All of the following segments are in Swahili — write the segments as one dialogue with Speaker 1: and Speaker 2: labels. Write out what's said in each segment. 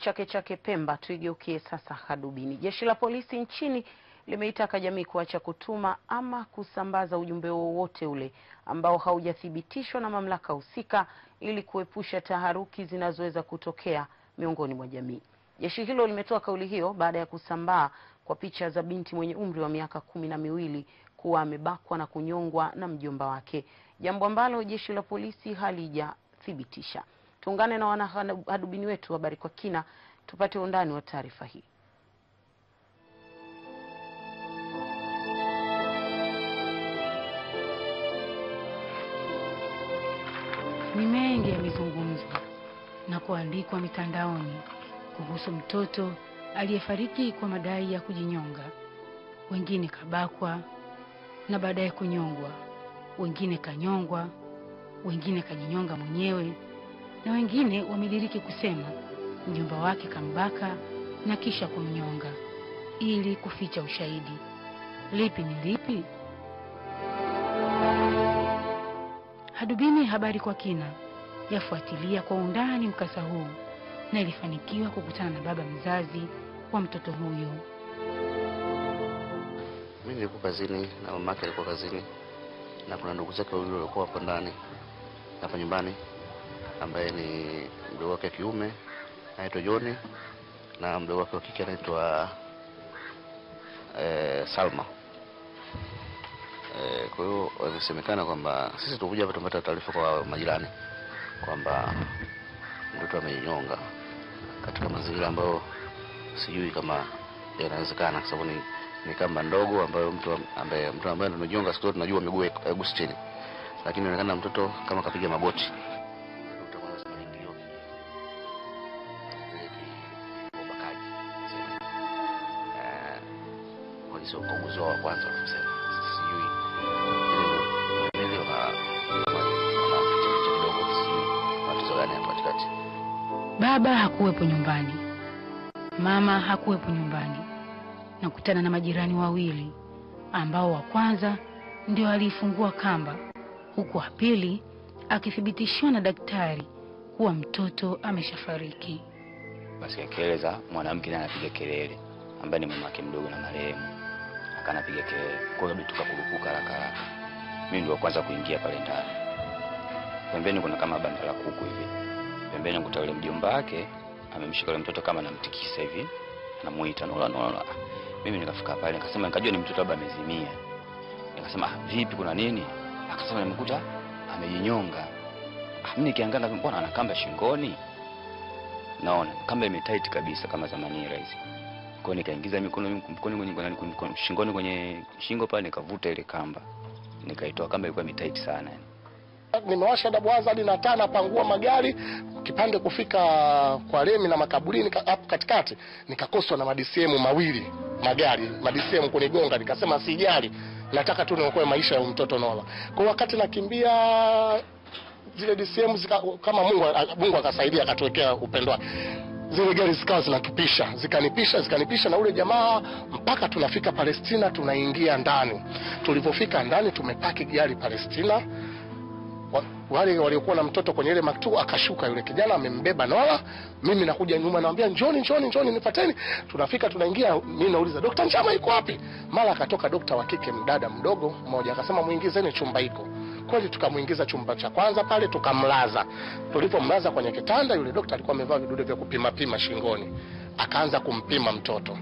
Speaker 1: Chake Chake Pemba. Tuigeukie sasa hadubini. Jeshi la polisi nchini limeitaka jamii kuacha kutuma ama kusambaza ujumbe wowote ule ambao haujathibitishwa na mamlaka husika ili kuepusha taharuki zinazoweza kutokea miongoni mwa jamii. Jeshi hilo limetoa kauli hiyo baada ya kusambaa kwa picha za binti mwenye umri wa miaka kumi na miwili kuwa amebakwa na kunyongwa na mjomba wake, jambo ambalo jeshi la polisi halijathibitisha. Tuungane na wanahadubini wetu habari kwa kina, tupate undani wa taarifa hii.
Speaker 2: Ni mengi yamezungumzwa na kuandikwa mitandaoni kuhusu mtoto aliyefariki kwa madai ya kujinyonga, wengine kabakwa na baadaye kunyongwa, wengine kanyongwa, wengine kajinyonga mwenyewe na wengine wamediriki kusema mjomba wake kambaka na kisha kumnyonga ili kuficha ushahidi. Lipi ni lipi? Hadubini habari kwa kina yafuatilia kwa undani mkasa huu na ilifanikiwa kukutana na baba mzazi wa mtoto huyo.
Speaker 3: Mimi nilikuwa kazini na mamake alikuwa kazini na kuna ndugu zake wawili walikuwa hapo ndani hapo nyumbani ambaye ni mdogo wake wa kiume anaitwa Joni na mdogo wake wa kike anaitwa eh, Salma. Eh, kwa hiyo wamesemekana kwamba sisi tukuja hapa tumepata taarifa kwa majirani kwamba mtoto amenyonga katika mazingira ambayo sijui kama yanawezekana, kwa sababu ni, ni kamba ndogo ambayo mtu ambaye mtu ambaye anajinyonga siku zote tunajua miguu Agustini, eh, lakini inaonekana mtoto kama kapiga magoti.
Speaker 2: mchezo wa kwanza walivyosema, sijui baba hakuwepo nyumbani, mama hakuwepo nyumbani. Nakutana na majirani wawili ambao wa kwanza ndio aliifungua kamba, huku wa pili akithibitishiwa na daktari kuwa mtoto ameshafariki.
Speaker 3: Basi akieleza mwanamke naye anapiga kelele, ambaye ni mama yake mdogo na marehemu haraka napige kelele. Kwa hiyo tukakurupuka haraka haraka. Mimi ndio kwanza kuingia pale ndani. Pembeni kuna kama banda la kuku hivi. Pembeni nakuta yule mjomba wake amemshika yule mtoto kama anamtikisa hivi. Anamuita Nola Nola. Mimi nikafika pale nikasema nikajua ni mtoto labda amezimia. Nikasema ah, vipi kuna nini? Akasema nimekuta amejinyonga. Ah, mimi nikiangalia mbona ana kamba shingoni? Naona kamba imetight kabisa kama zamani hizo. Kwa nikaingiza mikono mkono kwenye kwenye shingoni kwenye shingo pale nikavuta ile kamba. Nikaitoa kamba ilikuwa mitight sana
Speaker 4: yani. Nimewasha dabu hazadi na taa napangua magari kipande kufika kwa Remi na makaburini hapo katikati nikakoswa na madisemu mawili magari madisemu kunigonga nikasema sijali nataka tu niokoe maisha ya mtoto Nola. Kwa wakati nakimbia zile DCM zika, kama Mungu Mungu akasaidia akatuwekea upendo wake zile gari zikawa zinatupisha zikanipisha zikanipisha na ule jamaa mpaka tunafika Palestina, tunaingia ndani. Tulivyofika ndani, tumepaki gari Palestina, wale waliokuwa na mtoto kwenye ile maktubu, akashuka yule kijana amembeba Nola, mimi nakuja nyuma, namwambia njoni, njoni, njoni, nifateni. Tunafika tunaingia, mimi nauliza Dr. Nchama iko wapi? Mara akatoka dokta wa kike, mdada mdogo mmoja, akasema muingizeni chumba hiko kweli, tukamwingiza chumba cha kwanza pale, tukamlaza. Tulipomlaza kwenye kitanda, yule daktari alikuwa amevaa vidude vya kupima pima shingoni, akaanza kumpima mtoto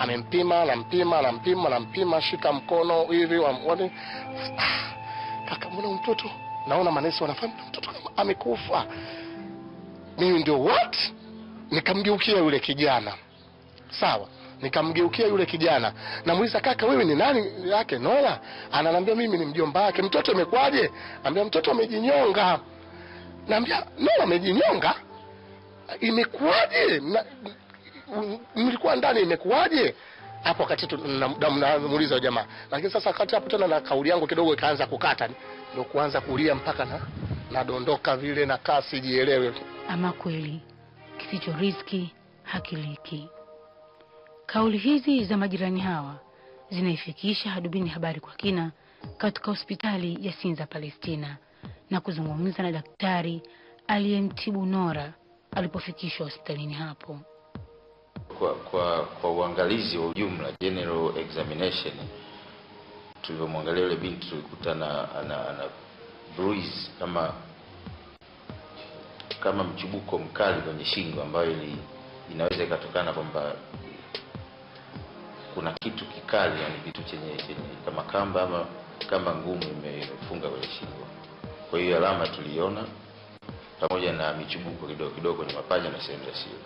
Speaker 4: amempima mpima na mpima, shika mkono hivi wa mwani. Ah, kaka, mbona mtoto naona manesi wanafanya mtoto kama amekufa. Mimi ndio what, nikamgeukia yule kijana, sawa Nikamgeukia yule kijana, namuuliza kaka, wewe ni nani yake Nola? Ananiambia mimi ni mjomba wake. Mtoto imekwaje? ambia mtoto amejinyonga. Naambia Nola amejinyonga? Imekuwaje? Mlikuwa ndani, imekuwaje? hapo wakati namuuliza na, jamaa lakini sasa wakati hapo tena na kauli yangu kidogo ikaanza kukata, ndio kuanza kulia mpaka na nadondoka vile na kasi jielewe.
Speaker 2: Ama kweli kisicho riski hakiliki. Kauli hizi za majirani hawa zinaifikisha Hadubini habari kwa kina katika hospitali ya Sinza Palestina na kuzungumza na daktari aliyemtibu Nora alipofikishwa hospitalini hapo.
Speaker 5: Kwa, kwa, kwa uangalizi wa ujumla general examination, tulivyomwangalia yule binti tulikuta ana, ana, ana bruise kama kama mchubuko mkali kwenye shingo ambayo inaweza ikatokana kwamba kuna kitu kikali, yani kitu chenye, chenye kama kamba ama kamba ngumu imefunga kwenye shingo. Kwa hiyo alama tuliona pamoja na michubuko kidogo kidogo kwenye mapaja na sehemu za siri.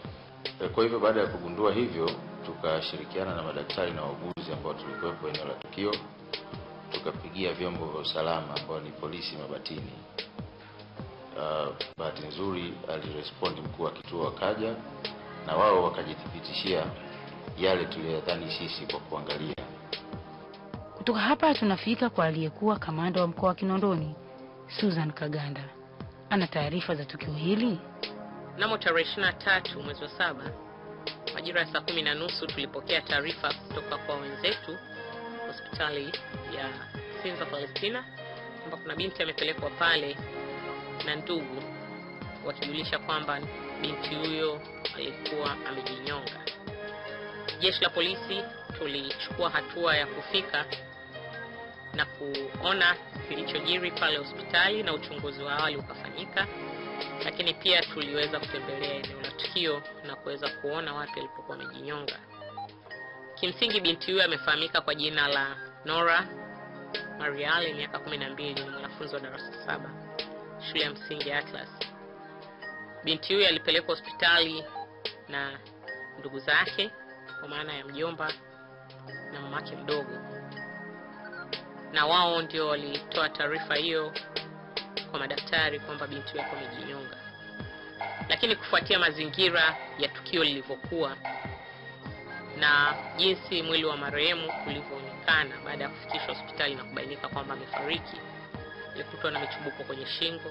Speaker 5: E, kwa hivyo baada ya kugundua hivyo, tukashirikiana na madaktari na wauguzi ambao tulikuwepo eneo la tukio, tukapigia vyombo vya usalama ambao ni polisi Mabatini. Uh, bahati nzuri alirespondi mkuu wa kituo akaja na wao wakajithibitishia yale tuliyodhani sisi kwa kuangalia.
Speaker 2: Kutoka hapa tunafika kwa aliyekuwa kamanda wa mkoa wa Kinondoni, Susan Kaganda ana taarifa za tukio hili.
Speaker 6: Mnamo tarehe 23 mwezi wa saba majira ya saa kumi na nusu tulipokea taarifa kutoka kwa wenzetu hospitali ya Sinza Palestina kwamba kuna binti amepelekwa pale na ndugu wakijulisha kwamba binti huyo alikuwa amejinyonga jeshi la polisi tulichukua hatua ya kufika na kuona kilichojiri pale hospitali na uchunguzi wa awali ukafanyika, lakini pia tuliweza kutembelea eneo la tukio na kuweza kuona wapi walipokuwa wamejinyonga Kimsingi, binti huyo amefahamika kwa jina la Nora Mariale, miaka 12, ni mwanafunzi wa darasa saba shule ya msingi ya Atlas. Binti huyo alipelekwa hospitali na ndugu zake kwa maana ya mjomba na mamake mdogo, na wao ndio walitoa taarifa hiyo kwa madaktari kwamba binti yako amejinyonga. Lakini kufuatia mazingira ya tukio lilivyokuwa na jinsi mwili wa marehemu ulivyoonekana baada ya kufikishwa hospitali na kubainika kwamba amefariki, ilikutwa na michubuko kwenye shingo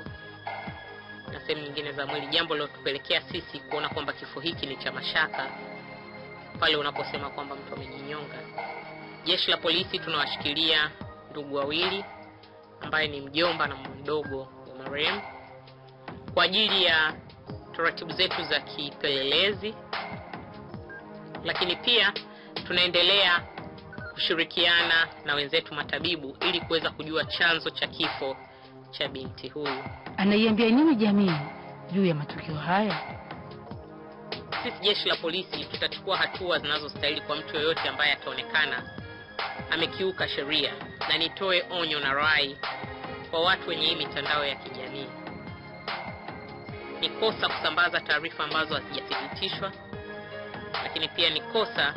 Speaker 6: na sehemu nyingine za mwili, jambo lilotupelekea sisi kuona kwamba kifo hiki ni cha mashaka pale unaposema kwamba mtu amejinyonga. Jeshi la polisi tunawashikilia ndugu wawili ambaye ni mjomba na mdogo wa marehemu kwa ajili ya taratibu zetu za kipelelezi, lakini pia tunaendelea kushirikiana na wenzetu matabibu ili kuweza kujua chanzo cha kifo cha binti huyu.
Speaker 2: Anaiambia nini jamii juu ya matukio haya?
Speaker 6: Sisi jeshi la polisi tutachukua hatua zinazostahili kwa mtu yoyote ambaye ataonekana amekiuka sheria, na nitoe onyo na rai kwa watu wenye hii mitandao ya kijamii: ni kosa kusambaza taarifa ambazo hazijathibitishwa, lakini pia ni kosa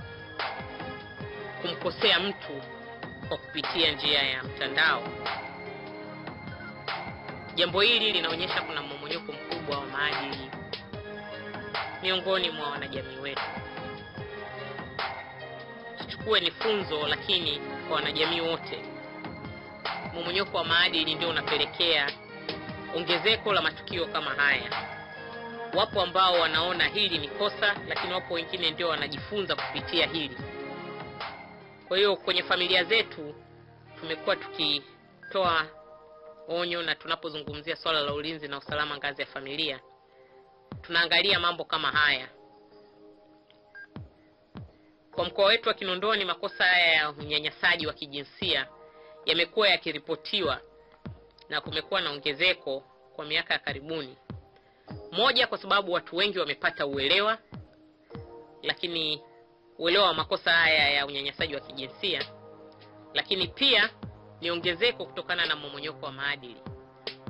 Speaker 6: kumkosea mtu kwa kupitia njia ya mtandao. Jambo hili linaonyesha kuna mmomonyoko mkubwa wa maadili miongoni mwa wanajamii wetu. Tuchukue ni funzo, lakini kwa wanajamii wote, mmomonyoko wa maadili ndio unapelekea ongezeko la matukio kama haya. Wapo ambao wanaona hili ni kosa, lakini wapo wengine ndio wanajifunza kupitia hili. Kwa hiyo kwenye familia zetu tumekuwa tukitoa onyo na tunapozungumzia swala la ulinzi na usalama ngazi ya familia tunaangalia mambo kama haya. Kwa mkoa wetu wa Kinondoni, makosa haya ya unyanyasaji wa kijinsia yamekuwa yakiripotiwa na kumekuwa na ongezeko kwa miaka ya karibuni. Moja, kwa sababu watu wengi wamepata uelewa, lakini uelewa wa makosa haya ya unyanyasaji wa kijinsia, lakini pia ni ongezeko kutokana na mmomonyoko wa maadili.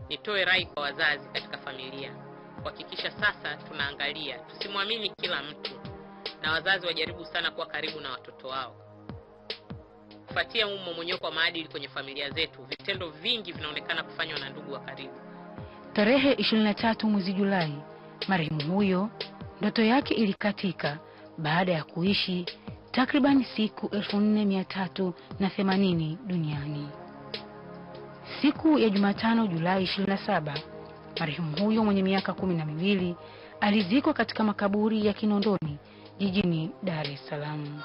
Speaker 6: Nitoe rai kwa wazazi katika familia kuhakikisha sasa tunaangalia, tusimwamini kila mtu, na wazazi wajaribu sana kuwa karibu na watoto wao. Kufuatia huu mmomonyoko wa maadili kwenye familia zetu, vitendo vingi vinaonekana kufanywa na ndugu wa karibu.
Speaker 2: Tarehe 23 mwezi Julai, marehemu huyo ndoto yake ilikatika baada ya kuishi takriban siku 4380 duniani. Siku ya Jumatano Julai 27 Marehemu huyo mwenye miaka kumi na miwili alizikwa katika makaburi ya Kinondoni jijini Dar es Salaam.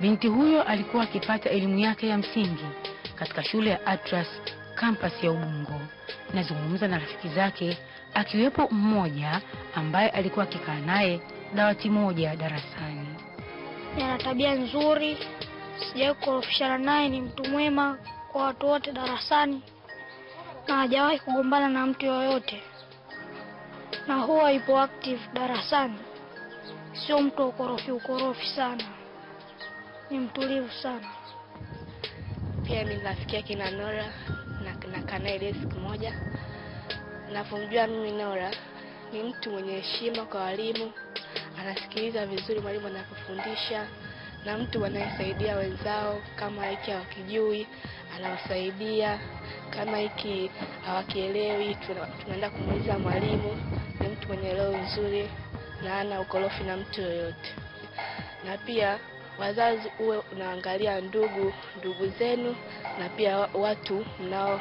Speaker 2: Binti huyo alikuwa akipata elimu yake ya msingi katika shule ya Atras kampasi ya Ubungo. Nazungumza na rafiki zake akiwepo mmoja ambaye alikuwa akikaa naye dawati moja darasani.
Speaker 7: Ana tabia nzuri, sijawahi kukorofishana naye, ni mtu mwema kwa watu wote darasani na hajawahi kugombana na mtu yoyote, na huwa ipo active darasani, sio mtu wa ukorofi ukorofi sana, ni mtulivu sana.
Speaker 8: Pia ni rafiki yake na Nora nilikaa naye ile siku moja. Navyomjua mimi Nora ni mtu mwenye heshima kwa walimu, anasikiliza vizuri mwalimu anapofundisha, na mtu anayesaidia wenzao. Kama hiki hawakijui anawasaidia, kama hiki hawakielewi tunaenda kumuuliza mwalimu. Ni mtu mwenye roho nzuri na ana ukorofi na mtu yoyote. Na pia wazazi, uwe unaangalia ndugu ndugu zenu na pia watu mnao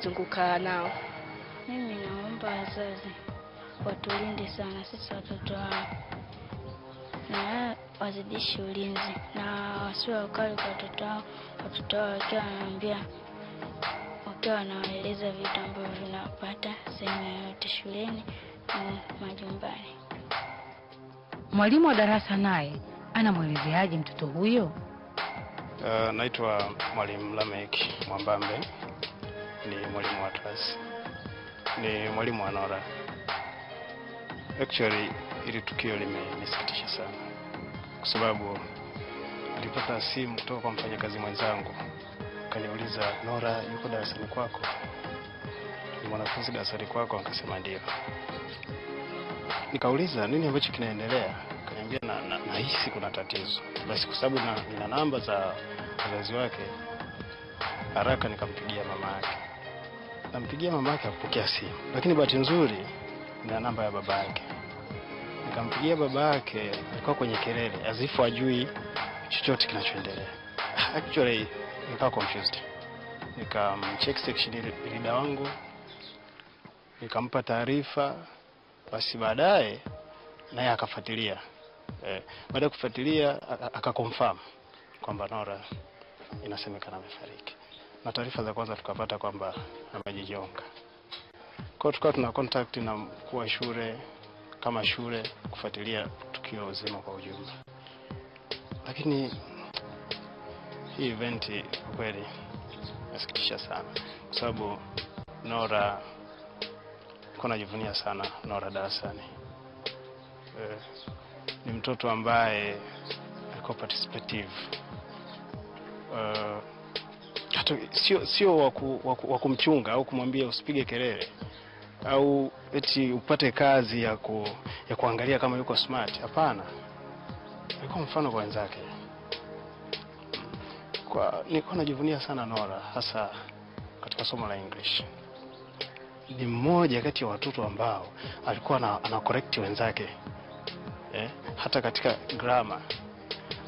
Speaker 8: wanaozunguka nao.
Speaker 9: Mimi naomba wazazi watulinde sana sisi watoto wao, na wazidishe ulinzi na wasiwe wakali kwa watoto wao, watoto wao wakiwa wanaambia wakiwa wanawaeleza vitu ambavyo vinawapata sehemu yoyote, shuleni na majumbani.
Speaker 2: Mwalimu wa darasa naye anamwelezeaje mtoto huyo?
Speaker 10: Uh, naitwa Mwalimu Lameki Mwambambe ni mwalimu wa trasi, ni mwalimu wa Nora. Actually ili tukio limenisikitisha sana, kwa sababu nilipata simu kutoka kwa mfanyakazi mwenzangu, kaniuliza Nora yuko darasani kwako, ni mwanafunzi darasani kwako? akasema ndio. Nikauliza nini ambacho kinaendelea, kaniambia na, na, kuna tatizo. Basi kwa sababu nina namba za wazazi wake, haraka nikampigia mama yake Nampigia mama yake akupokea simu, lakini bahati nzuri na namba ya baba yake. Nikampigia baba yake, alikuwa kwenye kelele azifu ajui chochote kinachoendelea. Actually nikawa confused, nikamcheck section leader wangu nikampa taarifa. Basi baadaye naye akafuatilia eh, baada ya kufuatilia akakonfirm kwamba Nora inasemekana amefariki na taarifa za kwanza tukapata kwamba amejijonga Kwa tukawa tuna contact na mkuu wa shule kama shule kufuatilia tukio zima kwa ujumla, lakini hii event kwa kweli nasikitisha sana, kwa sababu Nora ko najivunia sana Nora darasani. E, ni mtoto ambaye alikuwa participative e, sio sio wa kumchunga au kumwambia usipige kelele au eti upate kazi ya, ku, ya kuangalia kama yuko smart. Hapana, alikuwa mfano kwa wenzake. Kwa nilikuwa najivunia sana Nora, hasa katika somo la English. Ni mmoja kati ya watoto ambao alikuwa ana correct wenzake eh, hata katika grammar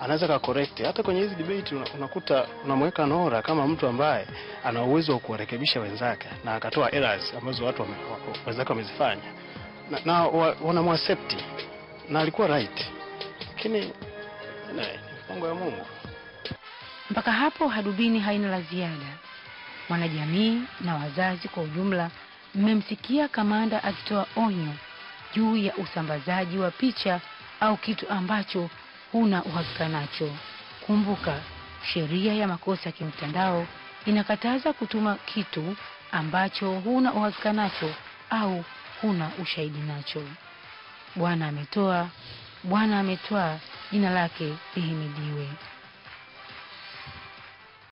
Speaker 10: anaweza ka correct. Hata kwenye hizi debate unakuta unamweka Nora kama mtu ambaye ana uwezo wa kuwarekebisha wenzake na akatoa errors ambazo watu wame, wenzake wamezifanya na, na wanamwaccept na alikuwa right, lakini eh, mpango ya Mungu.
Speaker 2: Mpaka hapo Hadubini haina la ziada. Mwanajamii na wazazi kwa ujumla, mmemsikia kamanda akitoa onyo juu ya usambazaji wa picha au kitu ambacho huna uhakika nacho. Kumbuka, sheria ya makosa ya kimtandao inakataza kutuma kitu ambacho huna uhakika nacho au huna ushahidi nacho. Bwana ametoa, Bwana ametoa jina lake lihimidiwe.